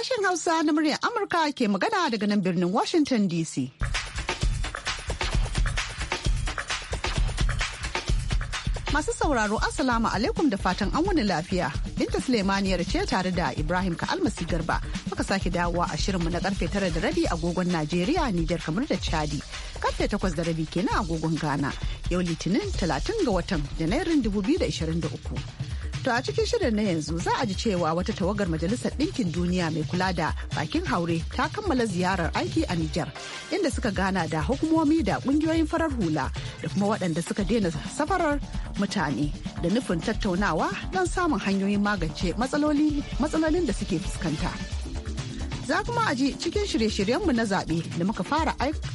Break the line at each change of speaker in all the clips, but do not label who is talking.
Sashen Hausa na muryar Amurka ke magana daga nan birnin Washington DC. Masu sauraro Assalamu alaikum da fatan an wani lafiya. Binta Sulemaniyar ce tare da Ibrahim ka almasi Garba muka sake dawowa a shirinmu na karfe tara da rabi agogon Najeriya, Nijar kamar da Chadi. Karfe takwas da rabi kenan agogon Ghana. Yau Litinin talatin ga watan Janairun 2023. To a cikin shirin na yanzu za a ji cewa wata tawagar Majalisar Ɗinkin Duniya mai kula da bakin haure ta kammala ziyarar aiki a Nijar inda suka gana da hukumomi da ƙungiyoyin farar hula da kuma waɗanda suka daina safarar mutane da nufin tattaunawa don samun hanyoyin magance matsalolin da suke fuskanta. Za kuma a ji cikin shirye-shiryenmu na zaɓe da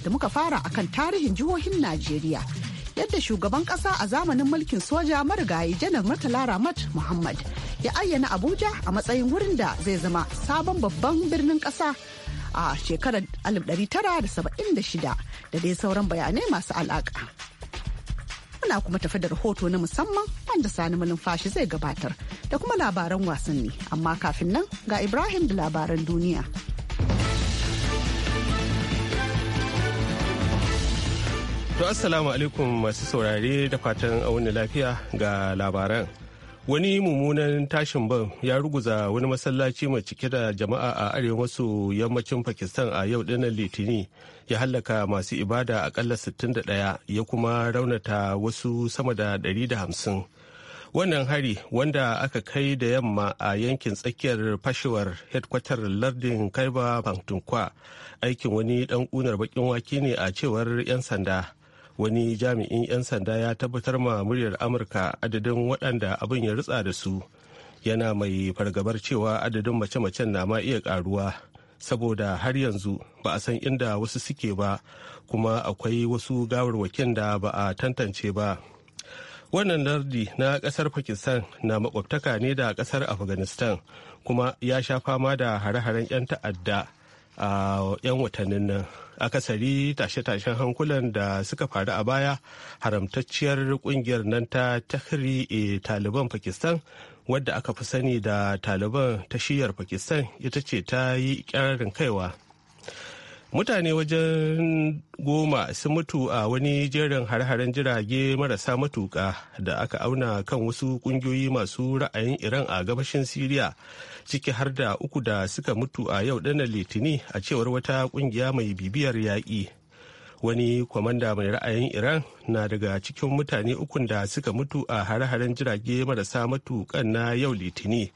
muka fara a kan tarihin jihohin Najeriya. yadda shugaban kasa a zamanin mulkin soja marigayi janar murtala ramat muhammad ya ayyana abuja a matsayin wurin da zai zama sabon babban birnin kasa a shekarar 1976 da dai sauran bayanai masu alaka muna kuma tafi da rahoto na musamman wanda sani fashi zai gabatar da kuma labaran wasanni amma kafin nan ga ibrahim da labaran duniya.
To assalamu alaikum masu saurare da fatan wani lafiya ga labaran. Wani mummunan tashin ban ya ruguza wani masallaci mai cike da jama'a a arewa maso yammacin Pakistan a yau dinnan Litini ya hallaka masu ibada akalla 61 ya kuma raunata wasu sama da 150. Wannan hari wanda aka kai da yamma a yankin tsakiyar fashewar headquarter lardin Kaiba bantunkwa aikin wani dan kunar bakin wake ne a cewar 'yan sanda. wani jami'in 'yan sanda ya tabbatar ma muryar amurka adadin waɗanda abin ya rutsa da su yana mai fargabar cewa adadin mace-macen na ma iya karuwa saboda har yanzu ba a san inda wasu suke ba kuma akwai wasu gawarwakin da ba a tantance ba wannan lardi na kasar pakistan na makwabtaka ne da kasar afghanistan kuma ya sha fama da hare-haren 'yan ta'adda a 'yan watannin nan akasari tashe-tashen hankulan da suka faru a baya haramtacciyar kungiyar nan ta tahri e taliban pakistan wadda aka fi sani da taliban ta shiyar pakistan ita ce ta yi kyararin kaiwa mutane wajen goma sun mutu a wani jerin har-haren jirage marasa matuka da aka auna kan wasu kungiyoyi masu ra'ayin iran a gabashin siriya ciki har da uku da suka mutu a yau ɗanar litini a cewar wata kungiya mai bibiyar yaƙi wani kwamanda mai ra'ayin iran na daga cikin mutane ukun da suka mutu a har-haren jirage marasa matukan na yau litini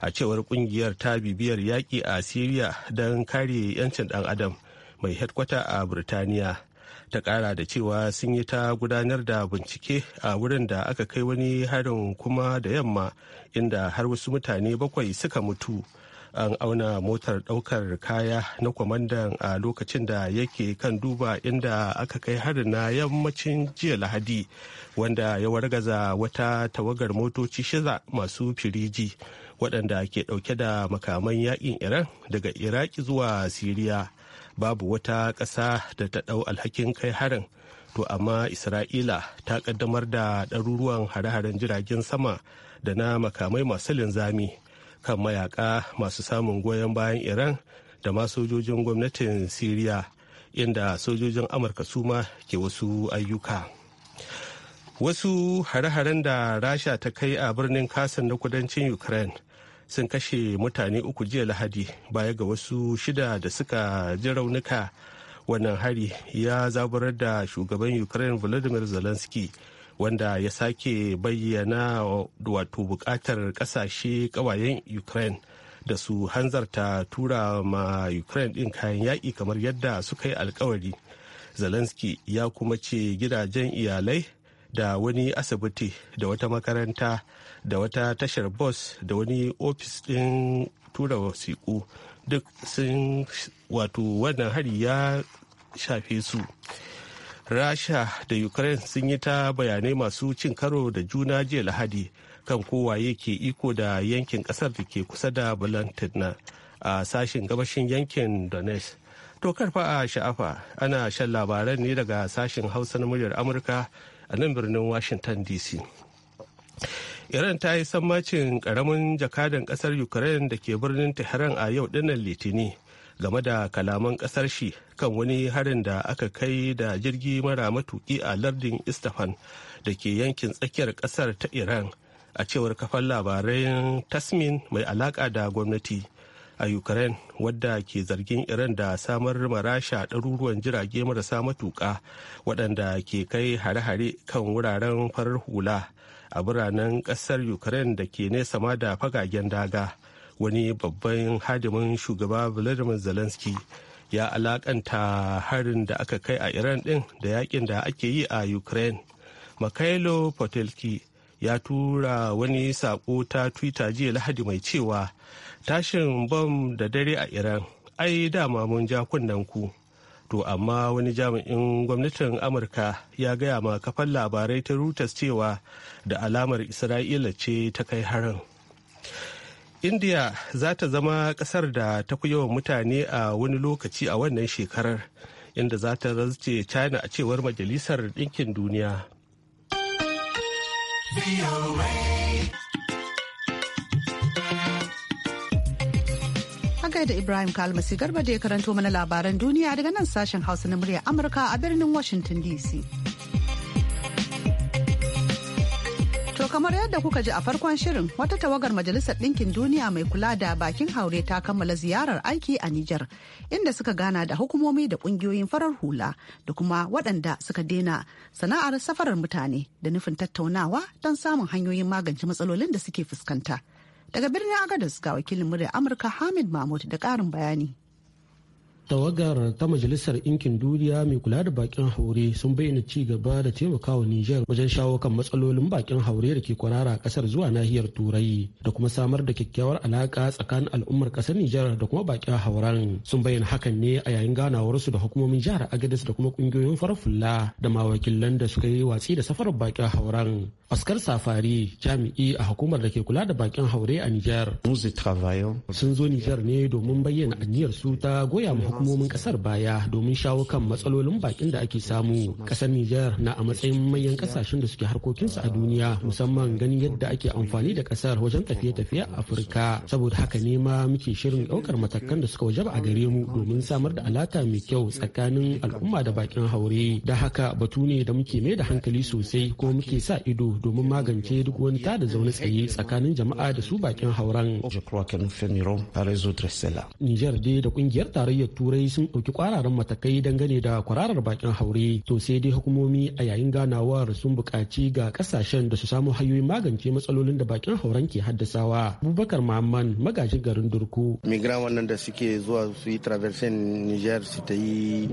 a cewar kungiyar ta bibiyar yaƙi a siriya don kare 'yancin ɗan adam mai hedkwata a Burtaniya ta kara da cewa sun yi ta gudanar da bincike a wurin da aka kai wani harin kuma da yamma inda har wasu mutane bakwai suka mutu an auna motar daukar kaya na kwamandan a lokacin da yake kan duba inda aka kai harin na yammacin jiya lahadi wanda ya wargaza wata tawagar motoci shiza masu firiji waɗanda ke ɗauke da makaman yaƙin iran daga iraki zuwa siriya babu wata ƙasa da ta ɗau alhakin kai harin to amma isra'ila ta ƙaddamar da ɗaruruwan hare-haren jiragen sama da na makamai masu linzami kan mayaka masu samun goyon bayan iran da ma sojojin gwamnatin siriya inda sojojin amurka su ma ke wasu ayyuka wasu hare-haren da rasha ta kai a birnin kasan na kudancin ukraine sun kashe mutane uku jiya lahadi baya ga wasu shida da suka ji raunuka wannan hari ya zaburar da shugaban ukraine volodymyr zelensky wanda ya sake bayyana wato bukatar kasashe kawayen ukraine da su hanzarta tura ma ukraine din kayan yaƙi kamar yadda suka yi alkawari zelensky ya kuma ce gidajen iyalai da wani asibiti da wata makaranta da wata tashar bus da wani ofis ɗin tura wasiƙu duk sun wato wannan hari ya shafe su rasha da ukraine sun yi ta bayanai masu cin karo da juna jiya lahadi kan kowa ke iko da yankin kasar da ke kusa da balantina a sashen gabashin yankin donetsk to karfa a sha'afa ana shan labaran ne daga sashen hausa na muryar amurka a nan birnin washington dc iran ta yi sammacin karamin jakadan kasar ukraine da ke birnin tehran a yau dinnan litini game da kalaman kasar shi kan wani harin da aka kai da jirgi mara matuki a lardin istafan da ke yankin tsakiyar kasar ta iran a cewar kafan labarai tasmin mai alaka da gwamnati a ukraine wadda ke zargin iran da samar marasha ɗaruruwan jirage marasa matuka waɗanda ke kai hare-hare kan wuraren farar hula a biranen ƙasar ukraine da ke nesa ma da fagagen daga wani babban hadimin shugaba vladimir zelensky ya alakanta harin da aka kai a iran din da yakin da ake yi a ukraine makailo potelki ya tura wani sako ta twitter jiya lahadi mai cewa tashin bom da dare a iran ai dama mun ja kunnen ku to amma wani jami'in gwamnatin amurka ya gaya ma kafan labarai ta rutas cewa da alamar isra'ila ce ta kai harin india za ta zama kasar da ta fi yawan mutane a wani lokaci a wannan shekarar inda za ta razce china a cewar majalisar ɗinkin duniya.
da Ibrahim Kalmasi Garba da ya karanto mana labaran duniya daga nan sashen Hausa na murya Amurka a birnin Washington DC. To kamar yadda kuka ji a farkon shirin wata tawagar Majalisar Ɗinkin Duniya mai kula da bakin haure ta kammala ziyarar aiki a Nijar inda suka gana da hukumomi da ƙungiyoyin farar hula da kuma waɗanda suka daina sana'ar safarar mutane da nufin tattaunawa don samun hanyoyin magance matsalolin da suke fuskanta. Daga birnin Agadas ga wakilin murya Amurka Hamid Mahmud da ƙarin bayani.
tawagar ta majalisar ɗinkin duniya mai kula da bakin haure sun bayyana ci gaba da taimakawa Nijar wajen shawo kan matsalolin bakin haure da ke kwarara kasar zuwa nahiyar Turai da kuma samar da kyakkyawar alaka tsakanin al'ummar kasar Nijar da kuma bakin hauren sun bayyana hakan ne a yayin ganawar su da hukumomin jihar Agadez da kuma kungiyoyin fararfula da mawakilan da suka yi watsi da safarar bakin hauren. Askar Safari jami'i a hukumar da ke kula da bakin haure a Nijar. Sun zo Nijar ne domin bayyana aniyar su ta goya hukumomin kasar baya domin shawo kan matsalolin bakin da ake samu kasar Nijar na a matsayin manyan kasashen da suke harkokinsu a duniya musamman ganin yadda ake amfani da kasar wajen tafiye-tafiye a Afirka saboda haka ne ma muke shirin daukar matakan da suka wajaba a gare mu domin samar da alaka mai kyau tsakanin al'umma da bakin haure da haka batu ne da muke mai da hankali sosai ko muke sa ido domin magance duk wani tada zaune tsaye tsakanin jama'a da su bakin hauren. Nijar dai da kungiyar tarayyar Turai turai sun ɗauki kwararan matakai dangane da kwararar bakin haure to sai dai hukumomi a yayin ganawar sun buƙaci ga kasashen da su samu hanyoyin magance matsalolin da bakin hauren ke haddasawa abubakar mahamman magaji garin durku migran wannan da suke zuwa su yi traversing niger su ta yi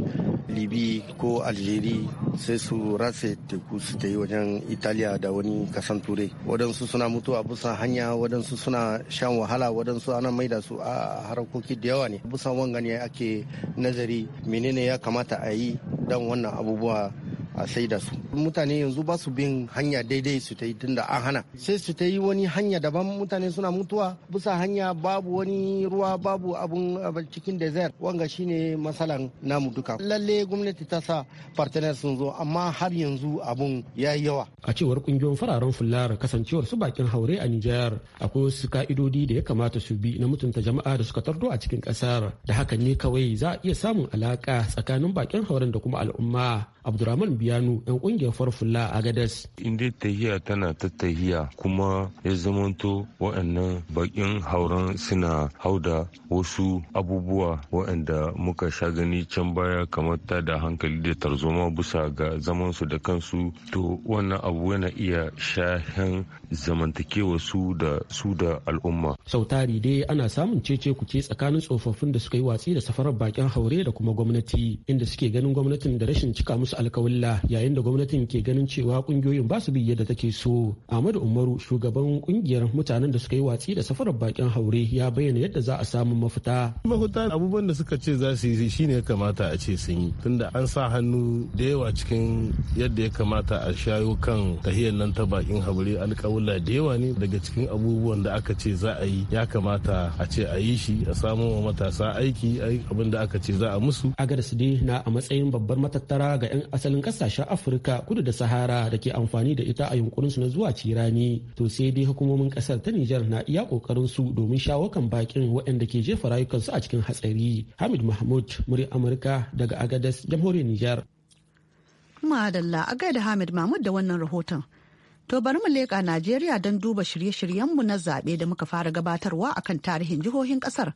libi ko algeri sai su rase teku su ta yi wajen italiya da wani kasan turai waɗansu suna mutuwa busan hanya waɗansu suna shan wahala waɗansu ana maida su a harkoki da yawa ne busan wanga ne ake nazari menene ya kamata a yi don wannan abubuwa a saida su mutane yanzu ba su bin hanya daidai su ta yi tunda an hana sai su ta yi wani hanya daban mutane suna mutuwa bisa hanya babu wani ruwa babu abun cikin desert wanga shine matsalan namu duka lalle gwamnati ta sa partner sun zo amma har yanzu abun ya yi yawa a cewar kungiyoyin fararen fular kasancewar su bakin haure a Nijar akwai wasu ka'idodi da ya kamata su bi na mutunta jama'a da suka tardo a cikin kasar da hakan ne kawai za a iya samun alaka tsakanin bakin hauren da kuma al'umma Abdurrahman yanu yan kungiyar farfulla a Gadas.
Inda tahiya tana ta tahiya kuma ya zamanto waɗannan bakin hauran suna da wasu abubuwa waɗanda muka sha gani can baya kamar ta da hankali da tarzoma bisa ga zamansu da kansu to wannan abu yana iya shahen zamantakewa su da su da al'umma.
Sautari dai ana samun cece ce tsakanin tsofaffin da suka yi watsi da safarar bakin haure da kuma gwamnati inda suke ganin gwamnatin da rashin cika musu alkawalla yayin da gwamnatin ke ganin cewa kungiyoyin ba su bi yadda take so ahmadu umaru shugaban kungiyar mutanen da suka yi watsi da safarar bakin haure ya bayyana yadda za a samu mafita
mafita abubuwan da suka ce za su yi shine ya kamata a ce sun yi tunda an sa hannu da yawa cikin yadda ya kamata a shayo kan tahiyar nan ta bakin haure alƙawula da yawa ne daga cikin abubuwan da aka ce za a yi
ya kamata a ce a yi shi a samu wa matasa aiki abin da aka ce za a musu agadas dai na a matsayin babbar matattara ga 'yan asalin ƙasa kasashen afirka kudu da sahara da ke amfani da ita a yunkurinsu na zuwa cirani to sai dai hukumomin kasar ta nijar na iya kokarin su domin shawo kan bakin waɗanda ke jefa rayukansu a cikin hatsari hamid mahmud murya amurka daga agadas jamhuriyar nijar
madalla a gaida hamid mahmud da wannan rahoton To bari mu leƙa Najeriya don duba shirye-shiryenmu na zaɓe da muka fara gabatarwa akan tarihin jihohin ƙasar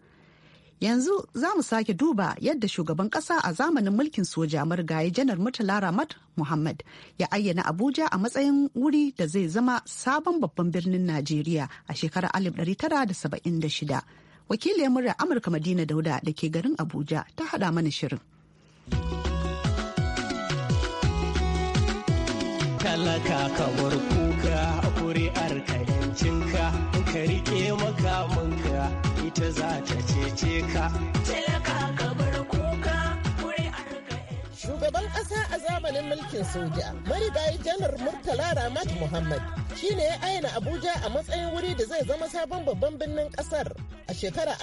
yanzu za mu sake duba yadda shugaban kasa a zamanin mulkin soja marigayi janar murtala ramat muhammad ya ayyana abuja a matsayin wuri da zai zama sabon babban birnin najeriya a shekarar 1976 wakiliyar murya amurka madina dauda da ke garin abuja ta hada mana shirin
talaka kamar kuka kuri'ar ka in ka rike makamin za ta cece ka. Shugaban ƙasa a zamanin mulkin soja, marigayi janar Murtala Ramat Muhammad shi ne ya ayyana Abuja a matsayin wuri da zai zama sabon babban birnin ƙasar a shekarar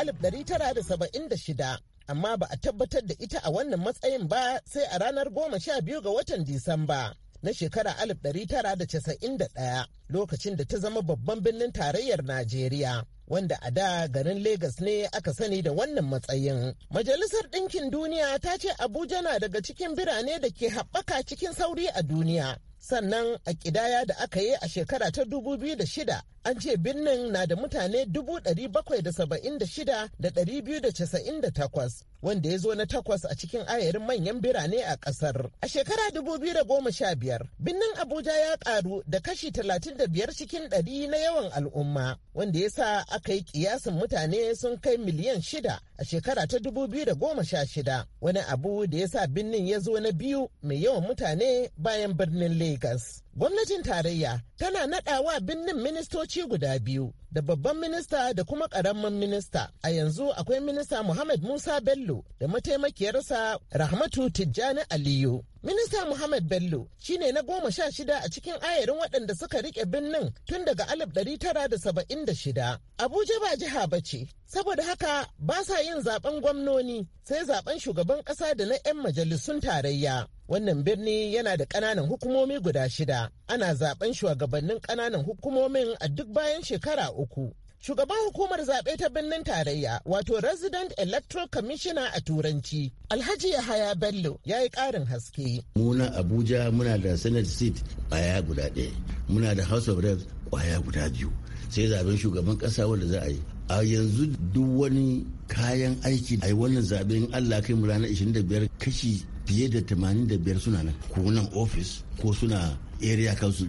shida, Amma ba a tabbatar da ita a wannan matsayin ba sai a ranar goma sha biyu ga watan Disamba. na shekara 1991 lokacin da ta zama babban birnin tarayyar Najeriya. wanda a da garin Legas ne aka sani da wannan matsayin. Majalisar Ɗinkin Duniya ta ce Abuja na daga cikin birane da ke haɓaka cikin sauri a duniya. Sannan a ƙidaya da aka yi a shekara ta 2006 an ce birnin na da mutane 776,298 wanda ya zo na takwas a cikin ayarin manyan birane a kasar. A shekara 2015, birnin Abuja ya karu da kashi 35 cikin 100 na yawan al'umma, wanda ya sa aka yi kiyasin mutane sun kai miliyan shida a shekara ta 2016, wani abu da ya sa birnin ya zo na biyu mai yawan mutane bayan birnin Lagos. gwamnatin tarayya tana naɗawa binnin ministoci guda biyu da babban minista da kuma ƙaramin minista a yanzu akwai minista muhammad musa bello da mataimakiyarsa rahmatu tijjani aliyu Minista Muhammad Bello shi ne na goma sha shida a cikin ayarin waɗanda suka riƙe birnin tun daga alif ɗari tara da saba'in da shida. Abuja ba jiha ba ce, saboda haka ba sa yin zaɓen gwamnoni sai zaɓen shugaban ƙasa da na 'yan majalisun tarayya. Wannan birni yana da ƙananan hukumomi guda shida. Ana zaɓen shugabannin ƙananan hukumomin a duk bayan shekara uku. shugaban hukumar zaɓe ta birnin tarayya wato resident electoral commissioner a turanci alhaji yahaya bello ya yi ƙarin haske muna abuja muna da senate seat kwaya guda ɗaya muna da house of reps kwaya guda biyu sai zaben shugaban ƙasa wanda za a yi a yanzu duk wani kayan aiki a wannan zaɓen allah kai mu ranar 25 kashi fiye da 85 suna nan ko ofis ko suna area council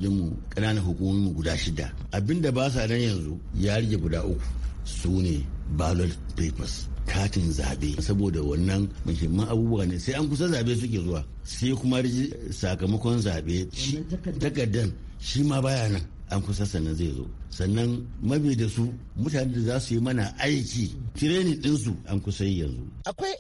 kananan ƙananan mu guda shida abinda ba sa nan yanzu ya rage guda uku su ne ballot papers katin zabe saboda wannan muhimman abubuwa ne sai an kusa zabe suke zuwa sai kuma sakamakon zabe takardan shi ma baya nan an kusa sannan zai zo sannan mabi da su mutane da za su yi mana aiki tireni ɗinsu an kusa yanzu akwai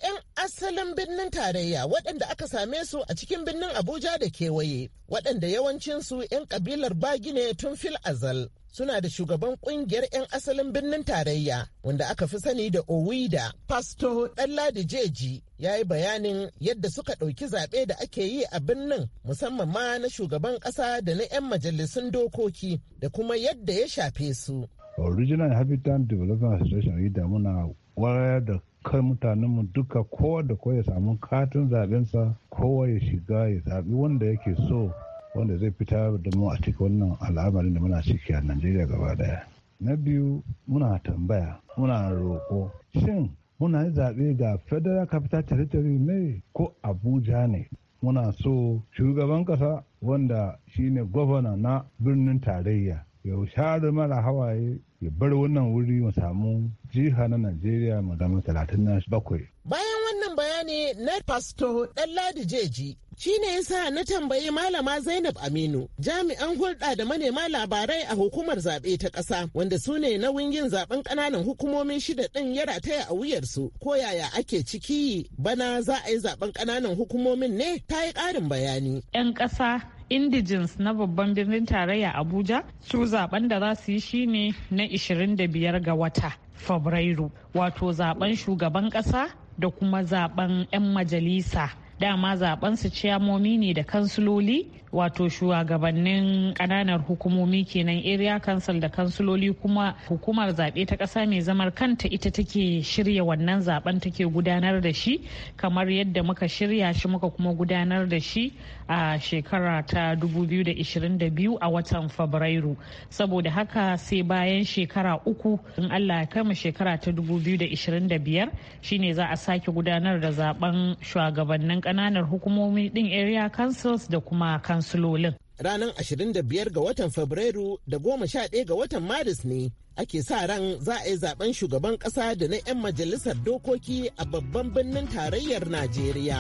asalin birnin tarayya waɗanda aka same su a cikin birnin Abuja da kewaye, waɗanda yawancinsu 'yan kabilar bagi ne tun fil azal. Suna da shugaban ƙungiyar 'yan asalin birnin tarayya wanda aka fi sani da Owida, Pasto Ɗanladi Jeji ya yi bayanin yadda suka ɗauki zaɓe da ake yi a birnin musamman ma na shugaban ƙasa da na 'yan majalisun dokoki da kuma yadda ya shafe su.
Original Habitat Development Association muna wayar da dukkan mutanenmu duka kowa da kowa ya samu katin zaɓensa kowa ya shiga ya zaɓi wanda yake so wanda zai fita da mu a cikin wannan al'amarin da muna ciki a najeriya gaba daya na biyu muna tambaya muna roƙo shin muna yi zaɓe ga federal capital territory ne ko abuja ne muna so shugaban ƙasa wanda shine gwamna na birnin tarayya ya share mara hawaye ya bar wannan wuri mu samu jiha na Najeriya mu zama talatin na bakwai.
Bayan wannan bayani na Pasto Ɗanladi Jeji shi ne ya sa na tambayi malama Zainab Aminu jami'an hulɗa da manema labarai a hukumar zaɓe ta ƙasa wanda su ne nauyin yin zaɓen ƙananan hukumomin shida ɗin ya rataya a wuyarsu ko yaya ake ciki bana za a yi zaɓen ƙananan hukumomin ne ta yi ƙarin bayani. 'Yan ƙasa indigens na babban birnin tarayya abuja su zaben da za su yi shine na 25 ga wata fabrairu wato zaben shugaban kasa da kuma zaben 'yan majalisa dama zaben su ciyamomi ne da kansuloli wato shugabannin kananan hukumomi kenan area council da kansuloli kuma hukumar zaɓe ta ƙasa mai zamar kanta ita take shirya wannan zaben take gudanar da shi kamar yadda muka shirya shi muka kuma gudanar da shi a shekara ta 2022 a watan fabrairu saboda haka sai bayan shekara uku in allah ya kama shekara ta 2025 shine za a sake gudanar da zaben shugabannin kananan hukumomi din area councils da kuma council kansulolin. Ranar 25 ga watan Fabrairu da 11 ga watan Maris ne ake sa ran za a yi zaben shugaban ƙasa da na 'yan majalisar dokoki a babban birnin tarayyar Najeriya.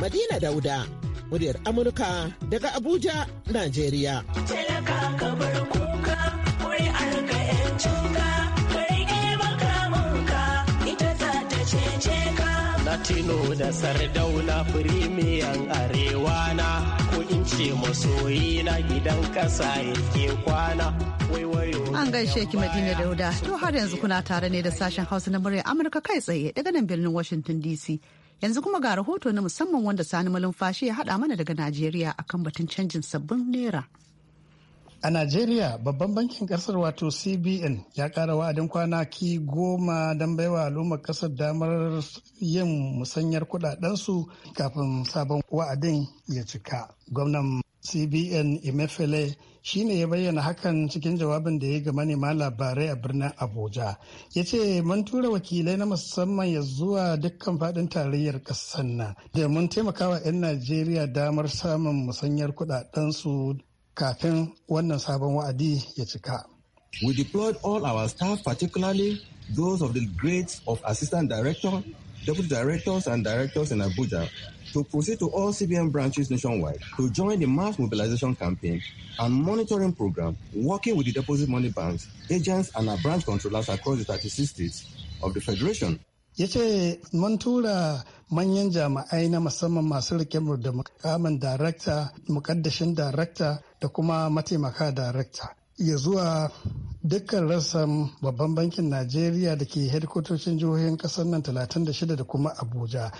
Madina Dauda, muryar Amurka daga Abuja, Najeriya. tino da sardauna firimiyan arewa na ko in ce masoyi na gidan ƙasa yake kwana
An gaishe ki Madina Dauda, to har yanzu kuna tare ne da sashen Hausa na murya Amurka kai tsaye daga nan birnin Washington DC. Yanzu kuma ga rahoto na musamman wanda Sani Malumfashi ya haɗa mana daga Najeriya akan batun canjin sabbin naira.
A Najeriya babban bankin kasar wato CBN ya ƙara wa'adin kwanaki goma don baiwa al'ummar kasar damar yin musanyar kudadensu kafin sabon wa'adin ya cika. Gwamnan CBN Imefele shi ne ya bayyana hakan cikin jawabin da ya ga manema labarai a birnin Abuja. Ya ce mun tura wakilai na musamman ya zuwa dukkan faɗin tarayyar ƙasar nan. Da mun taimakawa 'yan Najeriya damar samun musanyar kudadensu kafin wannan sabon wa'adi ya cika.
We deployed all our staff, particularly
those of the grades of assistant director, deputy directors and directors in Abuja, to proceed to all CBN branches nationwide to join the mass mobilization campaign and monitoring program, working with the deposit money banks, agents and our branch controllers across the 36
states of the federation. ya ce mun tura manyan jami'ai na musamman masu rike da mukamin darakta mukaddashin darakta da kuma mataimaka darakta ya zuwa dukkan rassan babban bankin najeriya da ke hedikotocin jihohin kasar nan 36 da kuma abuja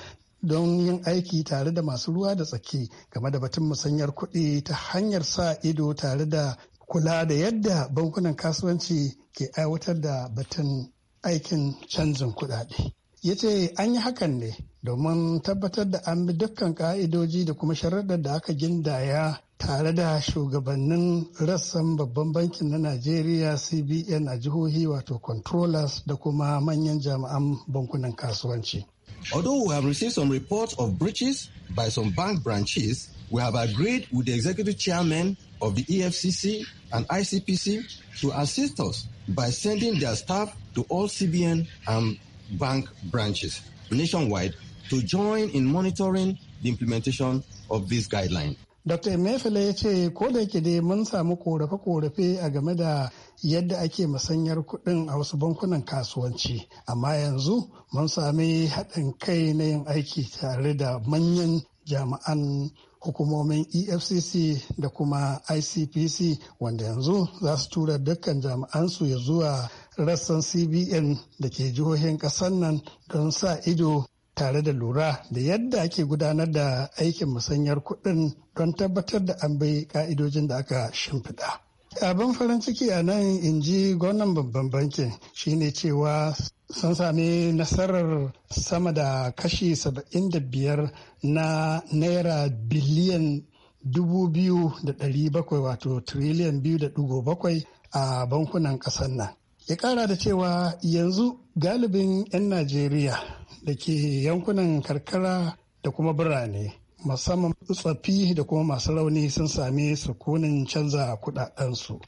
don yin aiki tare da masu ruwa da tsaki game da batun musanyar kuɗi ta hanyar sa ido tare da kula da yadda bankunan kasuwanci ke aiwatar da batun aikin canjin kuɗaɗe ya ce an yi hakan ne domin tabbatar da an bi dukkan ka'idoji da kuma sharaɗar da aka gindaya tare da shugabannin rassan babban bankin na najeriya cbn a jihohi wato controllers da kuma manyan jami'an bankunan kasuwanci
although we have received some reports of breaches
by some bank branches we have agreed with the executive chairman of the efcc and icpc to assist us by sending their staff to all cbn and bank branches nationwide to join in monitoring the implementation of this guideline.
Dr. Mefele ya ce ko da yake dai mun samu korafe-korafe a game da yadda ake musanyar kuɗin a wasu bankunan kasuwanci amma yanzu mun sami haɗin kai na yin aiki tare da manyan jami'an hukumomin efcc da kuma icpc wanda yanzu za su tura dukkan jami'ansu ya zuwa rassan cbn da ke jihohin ƙasar nan don sa ido tare da lura da yadda ake gudanar da aikin musanyar kuɗin don tabbatar da an bai ka'idojin da aka shimfiɗa. abin farin ciki a nan in ji gwamnan babban bankin shine cewa sun sami nasarar sama da kashi 75 na naira biliyan 2,700 wato triliyan 2.7 a bankunan ƙasar nan ya ƙara da cewa yanzu galibin 'yan najeriya da ke yankunan karkara da kuma birane musamman tsafi da kuma masu rauni sun sami sukunin canza kudadensu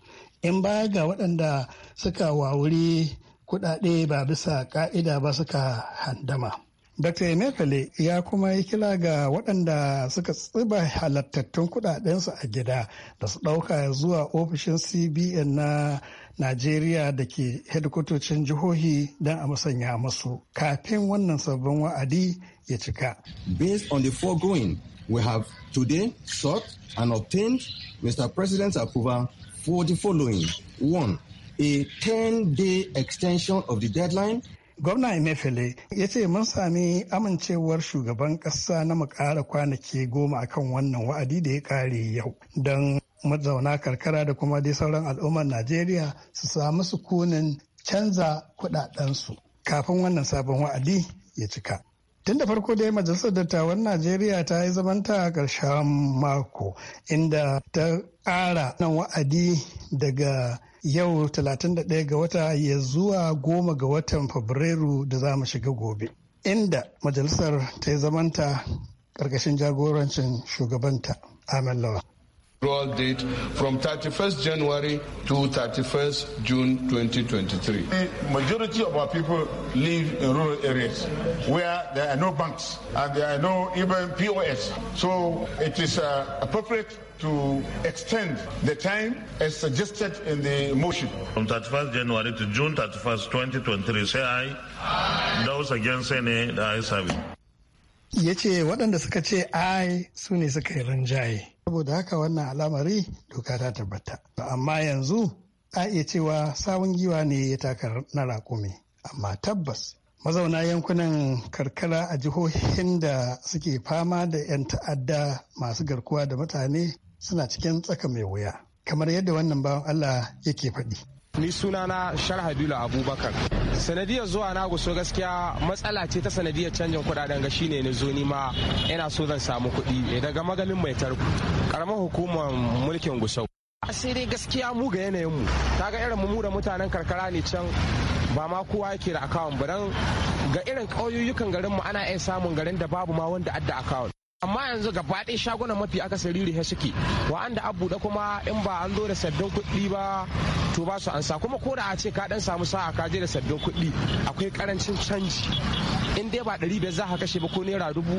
in baya ga waɗanda suka wawuri kudade ba bisa ka'ida ba suka handama Dr. Emefele ya kuma yi kila ga waɗanda suka tsiba halattattun kudadensu a gida da su ɗauka zuwa ofishin CBN na Najeriya da ke hedkwatocin jihohi don a musanya musu kafin wannan sabbin wa'adi ya cika. Based on the
foregoing, we have today sought and obtained Mr. President's approval
for the following. One, a 10-day extension of the deadline Gwamna emefele ya ce mun sami amincewar shugaban ƙasa na mu kwanaki goma akan wannan wa'adi da ya ƙare yau don mazauna karkara da kuma dai sauran al'ummar Najeriya su samu sukunin canza kuɗaɗensu kafin wannan sabon wa'adi ya cika. Tun da farko dai Majalisar Dattawan Najeriya ta yi zamanta a ƙarshen mako inda ta ƙara nan wa'adi daga yau 31 ga wata ya zuwa goma ga watan fabrairu da za mu shiga gobe inda majalisar ta yi zamanta ƙarƙashin jagorancin shugabanta amin lawa Roll date from 31st January to 31st June 2023.
The majority of our people live in rural areas where there are no banks and there are no even POS. So it is uh, appropriate to extend the time
as suggested in the motion.
From 31st January to June 31st, 2023, say
aye. aye. Those against say nay, the ayes have it.
Ya ce waɗanda suka ce ai suni ne suka yi rinjaye. saboda haka wannan al'amari doka ta tabbata amma yanzu a iya cewa sabon giwa ne ya taka na rakumi amma tabbas mazauna yankunan karkara a jihohin da suke fama da 'yan ta'adda masu garkuwa da mutane suna cikin tsaka mai wuya kamar yadda wannan bawan allah yake faɗi
ni sunana sharhabila abubakar sanadiyar zuwa na guso gaskiya matsala ce ta sanadiyar canjin kudaden ga shine ne zo nima ina so zan samu kuɗi daga magalin mai tarko karamar hukumar mulkin gusau sai dai gaskiya mu ga yanayin mu kaga irin mu da mutanen karkara ne can ba ma kowa yake da akawun ba dan ga irin ƙauyukan garin mu ana iya samun garin da babu ma wanda adda akawun amma yanzu ga ɗaya shagunan mafi akasari rihe suke wa'anda an buɗe kuma in ba an zo da sabbin kuɗi ba to ba su ansa kuma ko da a ce ka ɗan samu sa'a ka je da sabbin kuɗi akwai karancin canji in dai ba ɗari biyar za ka kashe ba ko naira dubu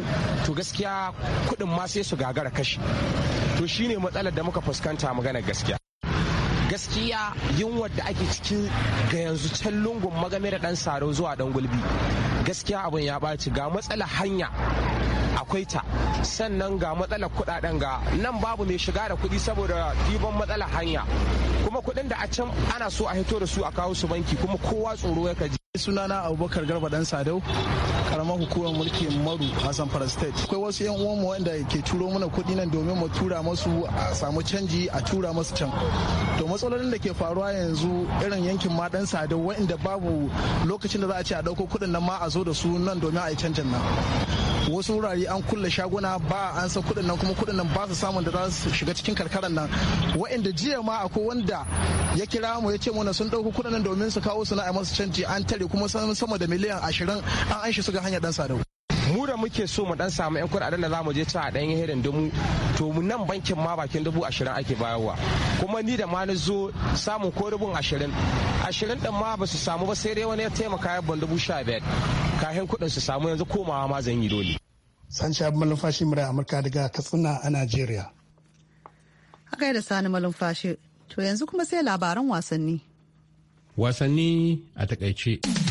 to gaskiya kuɗin ma sai su gagara kashe to shine matsalar da muka fuskanta maganar gaskiya
gaskiya
yunwar da ake ciki ga yanzu can lungun magame da dan saro zuwa dan gulbi gaskiya abin ya ɓaci ga matsalar hanya akwai ta sannan ga matsalar kuɗaɗen ga nan babu mai shiga da kudi saboda diban matsalar hanya kuma kudin da a can ana so a hito da su a kawo su banki kuma kowa tsoro ya kaji sunana
abubakar garba dan sadau karamar hukumar mulkin maru a zamfara state akwai wasu yan uwan mu wanda ke turo mana kuɗi nan domin mu tura musu a samu canji a tura musu can to matsalolin da ke faruwa yanzu irin yankin ma dan sadau wanda babu lokacin da za a ce a dauko kudin nan ma a zo da su nan domin a yi canjin nan wasu wurare an kulle shaguna ba an ansa kudin nan kuma kudin nan ba su samun da za su shiga cikin karkaran nan wa'inda jiya ma akwai wanda ya kira mu ya ce mana sun ɗauko kudin nan domin su kawo su na a masu canji an tare kuma sama da miliyan ashirin an an su ga hanyar dan sadau.
mu da muke so mu dan samu yan kudaden da zamu je ci a dan hirin dumu to mu nan bankin ma bakin dubu ashirin ake bayarwa kuma ni da ma na zo samun ko dubun ashirin ashirin din ma ba su samu ba sai dai wani ya taimaka ya ban dubu sha biyar kayan kuɗin su samu yanzu komawa ma zan yi dole.
Sanci Abu Malumfashi Murai Amurka daga Katsina a Najeriya.
Haka da Sani Malumfashi, to yanzu kuma sai labaran wasanni.
Wasanni a takaice.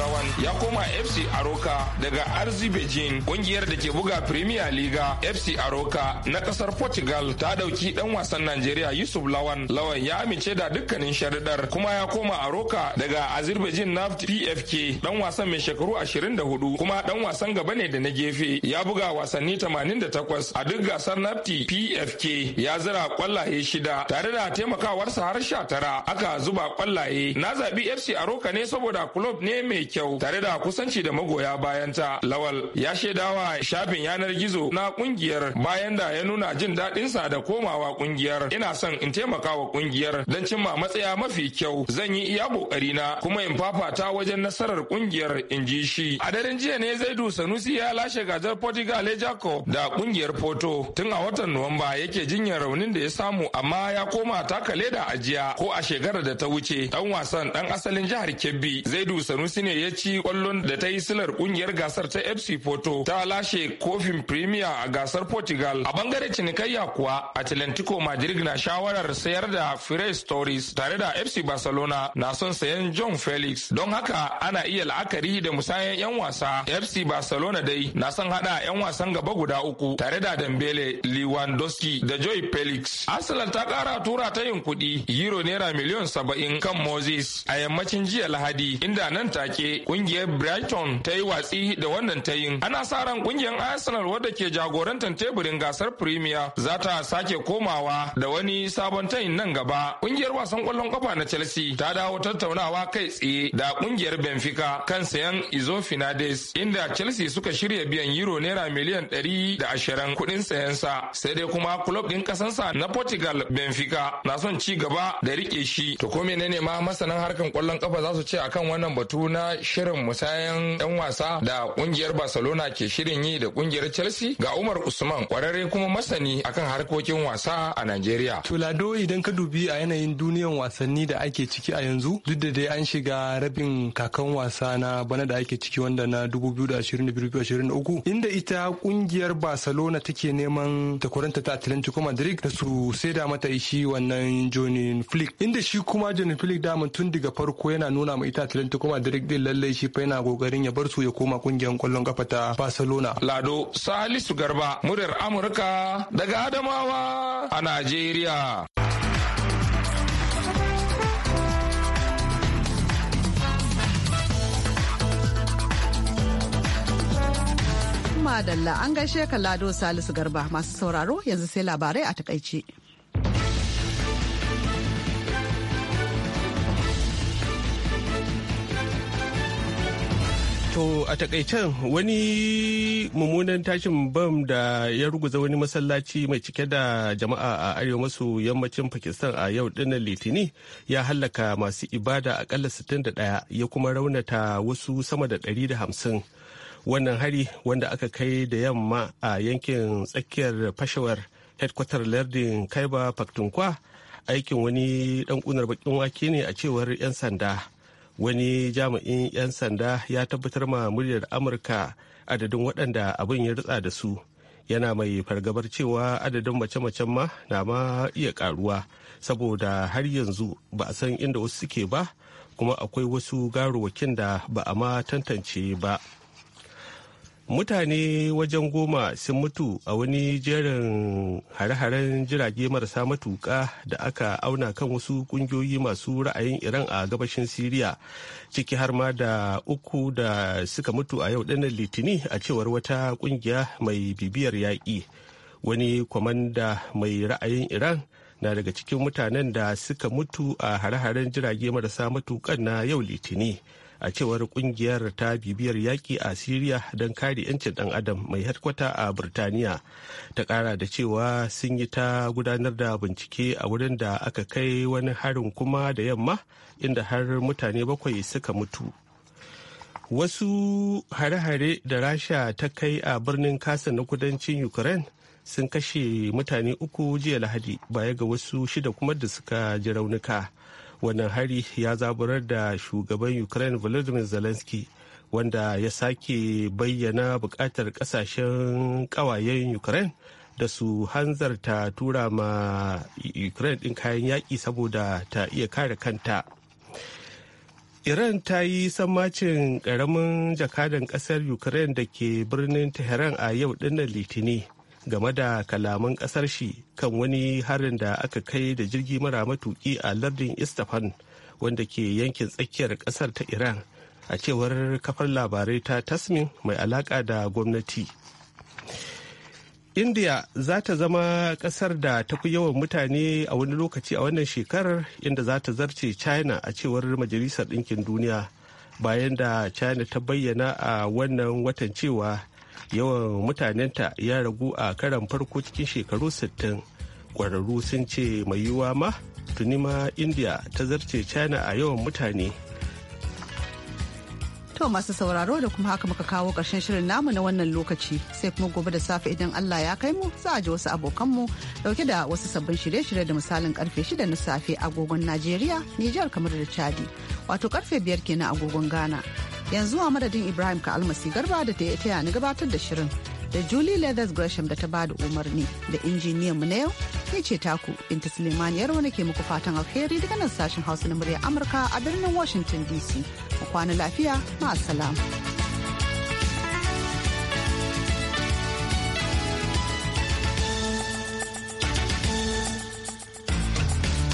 lawan ya koma FC Aroka daga RZ Beijing kungiyar da ke buga Premier league FC Aroka na kasar Portugal ta dauki ɗan wasan Najeriya Yusuf Lawan. Lawan ya amince da dukkanin sharidar kuma ya koma Aroka daga Azerbaijan na PFK dan wasan mai shekaru 24 kuma ɗan wasan gaba ne da na gefe ya buga wasanni 88 a duk gasar nafti PFK ya zira kwallaye shida tare da taimakawarsa har sha tara aka zuba kwallaye na zabi FC Aroka ne saboda club ne mai kyau tare da kusanci da magoya bayan ta lawal ya shaidawa shafin yanar gizo na kungiyar bayan da ya nuna jin daɗinsa da komawa kungiyar ina son in taimaka wa kungiyar don cimma matsaya mafi kyau zan yi iya kokari na kuma in fafata wajen nasarar kungiyar in ji shi a daren jiya ne zaidu sanusi ya lashe gajar portugal jacob da kungiyar porto tun a watan nuwamba yake jinyar raunin da ya samu amma ya koma taka leda a jiya ko a shekarar da ta wuce dan wasan dan asalin jihar kebbi zaidu sanusi ne ne ya ci kwallon da ta yi silar kungiyar gasar ta FC Porto ta lashe kofin Premier a gasar Portugal. A bangare cinikayya kuwa Atlantico Madrid na shawarar sayar da Pires Stories tare da FC Barcelona na son sayan John Felix. Don haka ana iya la'akari da musayan 'yan wasa. FC Barcelona dai na son hada 'yan wasan gaba guda uku tare da Dembele, Lewandowski da Joy Felix. Arsenal ta kara tura ta yin kuɗi euro naira miliyan saba'in kan Moses a yammacin jiya Lahadi inda nan take take kungiyar brighton ta yi watsi da wannan ta yin ana sa ran kungiyar arsenal wadda ke jagorantar teburin gasar premier za ta sake komawa da wani sabon tayin nan gaba kungiyar wasan kwallon kafa na chelsea ta dawo tattaunawa kai tsaye da kungiyar benfica kan sayan izo Fernandes, inda chelsea suka shirya biyan euro naira miliyan ɗari da 120 sayan sa, sai dai kuma kulob din sa na portugal benfica na son ci gaba da rike shi to ko menene ma masanan harkan kwallon kafa za su ce akan wannan batu na shirin musayan 'yan wasa da kungiyar Barcelona ke shirin yi da kungiyar Chelsea ga Umar Usman kwararre kuma masani akan harkokin wasa a Najeriya. Tulado idan ka
dubi a yanayin duniyar wasanni da ake ciki a yanzu duk da dai an shiga rabin kakan wasa na bana da ake ciki wanda na 2023 inda ita kungiyar Barcelona take neman takwaranta ta Atletico Madrid da su saida mata shi wannan Johnny Flick inda shi kuma Johnny Flick da tun daga farko yana nuna ma ita Atletico Madrid lallai shi fa yana kokarin ya bar su ya koma kungiyar kwallon kafa ta Barcelona.
Lado Salisu Garba muryar Amurka daga Adamawa a Najeriya.
Madalla an gaishe ka Lado Salisu Garba masu sauraro yanzu sai labarai a takaice.
To a takaicen wani mummunan tashin bam da ya ruguza wani masallaci mai cike da jama'a a arewa maso yammacin Pakistan a yau dinnan Litini ya hallaka masu ibada akalla 61 ya kuma raunata wasu sama da 150. Wannan hari wanda aka kai da yamma a yankin tsakiyar fashewar headquarter lardin Kaiba Pakhtunkhwa aikin wani dan kunar bakin wake ne a cewar 'yan sanda. wani jami'in 'yan sanda ya tabbatar ma muryar amurka adadin waɗanda abin ya ritsa da su yana mai fargabar cewa adadin mace-macen ma na ma iya karuwa saboda har yanzu ba a san inda wasu suke ba kuma akwai wasu garuwakin da ba a ma tantance ba. mutane wajen goma sun mutu a wani jerin hare-haren jirage marasa matuka da aka auna kan wasu kungiyoyi masu ra'ayin iran a gabashin siriya ciki har ma da uku da suka mutu a yau dinnan litini a cewar wata kungiya mai bibiyar yaƙi wani kwamanda mai ra'ayin iran na daga cikin mutanen da suka mutu a hare-haren jirage marasa matukan na yau litini. a cewar kungiyar ta bibiyar yaƙi a siriya don kare 'yancin ɗan adam mai harkwata a birtaniya ta ƙara da cewa sun yi ta gudanar da bincike a wurin da aka kai wani harin kuma da yamma inda har mutane bakwai suka mutu wasu hare-hare da rasha ta kai a birnin kasa na kudancin ukraine sun kashe mutane uku jiya lahadi baya ga wasu shida kuma da suka ji raunuka wannan hari ya zaburar da shugaban ukraine volodymyr zelensky wanda ya sake bayyana bukatar kasashen kawayen ukraine da su hanzarta tura ma ukraine din kayan yaƙi saboda ta iya kare kanta iran ta yi sammacin ƙaramin jakadan ƙasar ukraine da ke birnin tehran a yau dinnan litini game da kalaman kasar shi kan wani harin da aka kai da jirgi mara matuki a lardin istafan wanda ke yankin tsakiyar kasar ta iran a cewar kafar labarai ta tasmin mai alaka da gwamnati india za ta zama kasar da ta fi yawan mutane a wani lokaci a wannan shekarar inda za ta zarce china a cewar majalisar ɗinkin duniya bayan da china ta bayyana a wannan watan cewa yawan mutanenta ya ragu a karan farko cikin shekaru 60 kwararru sun ce mai yiwuwa ma tuni ma india ta zarce china a yawan mutane
to masu sauraro da kuma haka muka kawo ƙarshen shirin namu na wannan lokaci sai kuma gobe da safe idan allah ya kai mu za a ji wasu abokanmu dauke da wasu sabbin shirye-shirye da misalin karfe 6 na safe agogon najeriya nijar kamar da chadi wato karfe 5 kenan agogon ghana yanzu a madadin ibrahim ka almasi garba da ta taya ni gabatar da shirin da julie leathers gresham da ta ba da umarni da injiniyan mu na yau ya ce taku inta suleiman wani ke muku fatan alheri daga nan sashen hausa na murya amurka a birnin washington dc mu kwana lafiya ma'asalam.